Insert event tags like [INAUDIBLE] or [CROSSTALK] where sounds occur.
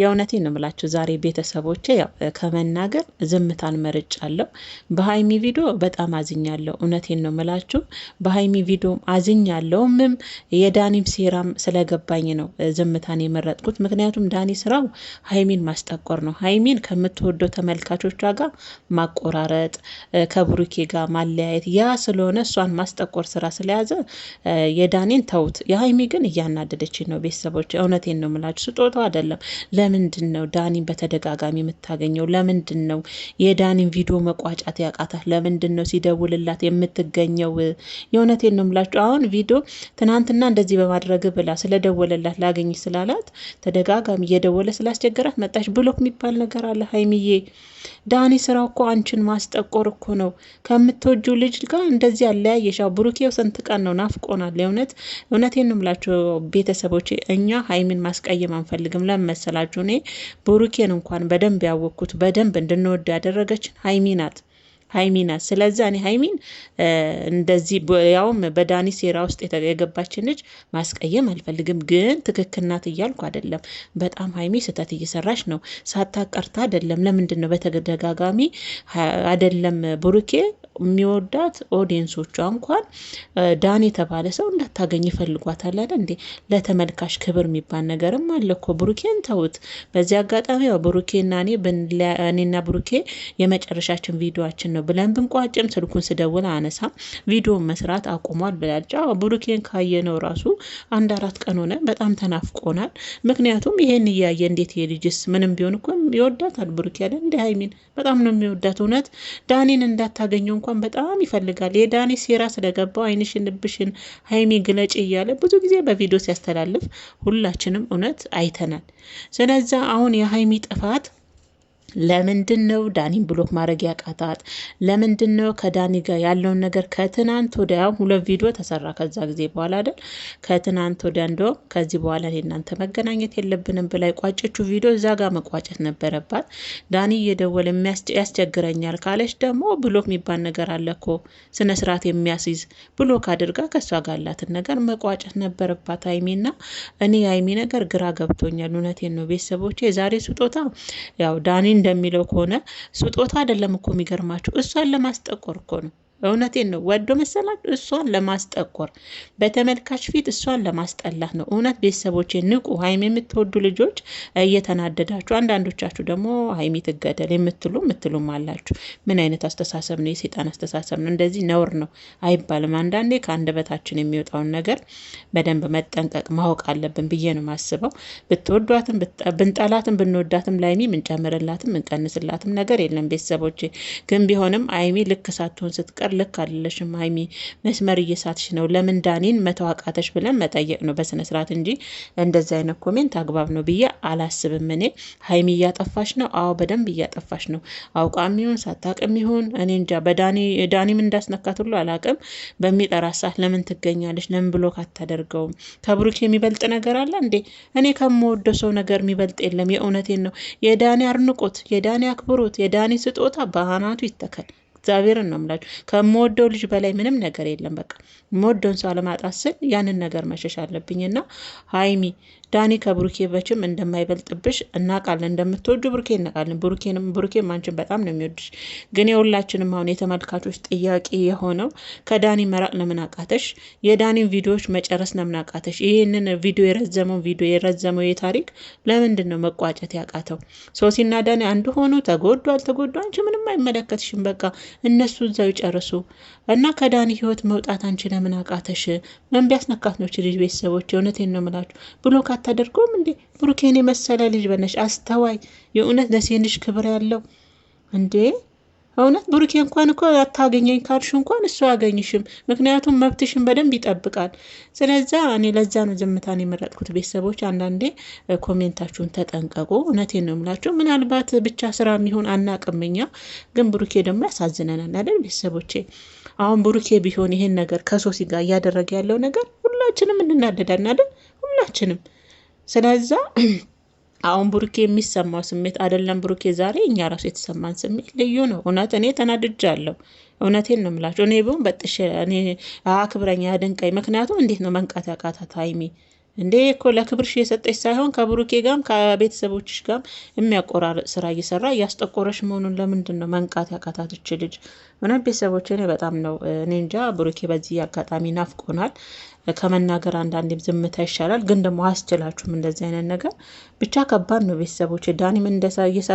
የእውነቴ ነው የምላችሁ። ዛሬ ቤተሰቦቼ ያው ከመናገር ዝምታን መርጫለሁ። በሀይሚ ቪዲዮ በጣም አዝኛለሁ። እውነቴን ነው ምላችሁ በሀይሚ ቪዲዮም ምም የዳኒም ሴራም ስለገባኝ ነው ዝምታን የመረጥኩት። ምክንያቱም ዳኒ ስራው ሀይሚን ማስጠቆር ነው። ሀይሚን ከምትወደው ተመልካቾቿ ጋር ማቆራረጥ፣ ከብሩኬ ጋር ማለያየት፣ ያ ስለሆነ እሷን ማስጠቆር ስራ ስለያዘ የዳኒን ተውት። የሀይሚ ግን እያናደደች ነው ቤተሰቦች። እውነቴን ነው ምላችሁ ስጦታው አይደለም ለምንድን ነው ዳኒን በተደጋጋሚ የምታገኘው? ለምንድን ነው የዳኒን ቪዲዮ መቋጫት ያቃታት? ለምንድን ነው ሲደውልላት የምትገኘው? የእውነቴን ነው የምላችሁ። አሁን ቪዲዮ ትናንትና እንደዚህ በማድረግ ብላ ስለደወለላት ላገኝ ስላላት ተደጋጋሚ እየደወለ ስላስቸገራት መጣች። ብሎክ የሚባል ነገር አለ ሀይሚዬ ዳኒ ስራው እኮ አንቺን ማስጠቆር እኮ ነው። ከምትወጁ ልጅ ጋር እንደዚህ አለያየሻ። ብሩኬው ስንት ቀን ነው ናፍቆናል። እውነት እውነቴን ነው የምላቸው ቤተሰቦች፣ እኛ ሀይሚን ማስቀየም አንፈልግም። ለመሰላችሁ እኔ ብሩኬን እንኳን በደንብ ያወቅኩት በደንብ እንድንወዱ ያደረገችን ሀይሚ ናት። ሀይሚ ናት። ስለዛ እኔ ሀይሚን እንደዚህ ያውም በዳኒ ሴራ ውስጥ የገባችን ልጅ ማስቀየም አልፈልግም፣ ግን ትክክል ናት እያልኩ አይደለም። በጣም ሀይሚ ስህተት እየሰራች ነው። ሳታቀርታ አይደለም። ለምንድን ነው በተደጋጋሚ አይደለም ብሩኬ የሚወዳት ኦዲየንሶቿ እንኳን ዳን የተባለ ሰው እንዳታገኝ ይፈልጓታል። አለ እንዴ ለተመልካች ክብር የሚባል ነገርም አለ እኮ ብሩኬን ተውት። በዚህ አጋጣሚ ያው ብሩኬና እኔ እኔና ብሩኬ የመጨረሻችን ቪዲዮችን ነው ብለን ብንቋጭም ስልኩን ስደውል አነሳም ቪዲዮ መስራት አቁሟል ብላለች። አዎ ብሩኬን ካየነው ራሱ አንድ አራት ቀን ሆነ። በጣም ተናፍቆናል። ምክንያቱም ይሄን እያየ እንዴት የልጅስ ምንም ቢሆን እኮ ይወዳታል ብሩኬ አለ እንደ ሀይሚን በጣም ነው የሚወዳት። እውነት ዳኔን እንዳታገኘው እንኳን በጣም ይፈልጋል። የዳኒ ሴራ ስለገባው አይንሽን ልብሽን ሀይሚ ግለጭ እያለ ብዙ ጊዜ በቪዲዮ ሲያስተላልፍ ሁላችንም እውነት አይተናል። ስለዛ አሁን የሀይሚ ጥፋት ለምንድን ነው ዳኒን ብሎክ ማድረግ ያቃታት? ለምንድን ነው ከዳኒ ጋር ያለውን ነገር ከትናንት ወዲያ ሁለት ቪዲዮ ተሰራ። ከዛ ጊዜ በኋላ አይደል ከትናንት ወዲያ እንደውም ከዚህ በኋላ እናንተ መገናኘት የለብንም ብላ የቋጨችው ቪዲዮ እዛ ጋር መቋጨት ነበረባት። ዳኒ እየደወለ ያስቸግረኛል ካለች ደግሞ ብሎክ የሚባል ነገር አለ እኮ ስነ ስርዓት የሚያስይዝ ብሎክ አድርጋ ከእሷ ጋር ያላትን ነገር መቋጨት ነበረባት። አይሚና እኔ የአይሚ ነገር ግራ ገብቶኛል። እውነቴን ነው ቤተሰቦቼ። የዛሬ ስጦታ ያው ዳኒ እንደሚለው ከሆነ ስጦታ አይደለም እኮ የሚገርማችሁ፣ እሷን ለማስጠቆር እኮ ነው። እውነቴን ነው። ወዶ መሰላችሁ? እሷን ለማስጠቆር በተመልካች ፊት እሷን ለማስጠላት ነው። እውነት ቤተሰቦች ንቁ። ሀይሚ የምትወዱ ልጆች እየተናደዳችሁ፣ አንዳንዶቻችሁ ደግሞ ሀይሚ ትገደል የምትሉ ምትሉም አላችሁ። ምን አይነት አስተሳሰብ ነው? የሴጣን አስተሳሰብ ነው። እንደዚህ ነውር ነው አይባልም። አንዳንዴ ከአንደበታችን የሚወጣውን ነገር በደንብ መጠንቀቅ ማወቅ አለብን ብዬ ነው የማስበው። ብትወዷትም ብንጠላትም ብንወዳትም ለሀይሚ ምንጨምርላትም ምንቀንስላትም ነገር የለም ቤተሰቦቼ። ግን ቢሆንም ሀይሚ ልክ ሳትሆን ስትቀር በስተቀር ልክ አይደለሽም ሀይሚ፣ መስመር እየሳትሽ ነው፣ ለምን ዳኒን መተው አቃተሽ ብለን መጠየቅ ነው በስነ ስርዓት እንጂ እንደዚ አይነት ኮሜንት አግባብ ነው ብዬ አላስብም። እኔ ሀይሚ እያጠፋሽ ነው። አዎ በደንብ እያጠፋሽ ነው። አውቃም ይሁን ሳታቅም ይሁን እኔ እንጃ። በዳኒም እንዳስነካት ሁሉ አላቅም። በሚጠራ ሰዓት ለምን ትገኛለች? ለምን ብሎ ካታደርገውም ከብሩክ የሚበልጥ ነገር አለ እንዴ? እኔ ከምወደው ሰው ነገር የሚበልጥ የለም። የእውነቴን ነው። የዳኒ አድንቆት፣ የዳኒ አክብሮት፣ የዳኒ ስጦታ በአናቱ ይተከል። እግዚአብሔርን ነው የምላችሁ። ከምወደው ልጅ በላይ ምንም ነገር የለም። በቃ የምወደውን ሰው አለማጣት ስል ያንን ነገር መሸሽ አለብኝና ሀይሚ ዳኒ ከብሩኬ በችም እንደማይበልጥብሽ እናውቃለን። እንደምትወዱ ብሩኬ እናውቃለን። ብሩኬንም ብሩኬም አንቺን በጣም ነው የሚወድሽ። ግን የሁላችንም አሁን የተመልካቾች ጥያቄ የሆነው ከዳኒ መራቅ ለምን አቃተሽ? የዳኒን ቪዲዮዎች መጨረስ ለምን አቃተሽ? ይህንን ቪዲዮ የረዘመው ቪዲዮ የረዘመው የታሪክ ለምንድን ነው መቋጨት ያቃተው? ሶሲና ዳኒ አንድ ሆኑ ተጎዷል ተጎዷ አንቺ ምንም አይመለከትሽም። በቃ እነሱ እዛው ይጨርሱ እና ከዳኒ ህይወት መውጣት አንቺ ለምን አቃተሽ? ምን ቢያስነካት ነው ልጅ? ቤተሰቦች እውነቴን ነው ምላችሁ ብሎክ አታደርገውም እንዴ? ብሩኬን የመሰለ ልጅ በነሽ አስተዋይ፣ የእውነት ለሴት ክብር ያለው እንዴ እውነት ብሩኬ እንኳን እኮ አታገኘኝ ካልሽ እንኳን እሱ አገኝሽም። ምክንያቱም መብትሽን በደንብ ይጠብቃል። ስለዚ እኔ ለዛ ነው ዝምታን የመረጥኩት። ቤተሰቦች አንዳንዴ ኮሜንታችሁን ተጠንቀቁ። እውነቴ ነው የምላችሁ። ምናልባት ብቻ ስራ የሚሆን አናቅምኛ፣ ግን ብሩኬ ደግሞ ያሳዝነናል አይደል? ቤተሰቦቼ አሁን ብሩኬ ቢሆን ይሄን ነገር ከሶሲ ጋር እያደረገ ያለው ነገር ሁላችንም እንናደዳናለን፣ ሁላችንም ስለዛ [CLEARS THROAT] አሁን ብሩኬ የሚሰማው ስሜት አይደለም። ብሩኬ ዛሬ እኛ ራሱ የተሰማን ስሜት ልዩ ነው። እውነት እኔ ተናድጃለሁ። እውነቴን ነው የምላቸው። እኔ ብሆን በጥሽ እኔ አክብረኛ ምክንያቱም እንዴት ነው መንቃት ያቃታት ሀይሚ እንዴ እኮ ለክብርሽ የሰጠች ሳይሆን ከብሩኬ ጋም ከቤተሰቦችሽ ጋም የሚያቆራርጥ ስራ እየሰራ እያስጠቆረሽ መሆኑን ለምንድን ነው መንቃት ያቃታትች ልጅ? ምንም ቤተሰቦች እኔ በጣም ነው እኔ እንጃ። ብሩኬ በዚህ አጋጣሚ ናፍቆናል። ከመናገር አንዳንዴም ዝምታ ይሻላል። ግን ደግሞ አያስችላችሁም እንደዚህ አይነት ነገር ብቻ ከባድ ነው። ቤተሰቦች ዳኒም እንደሳ እየሰራ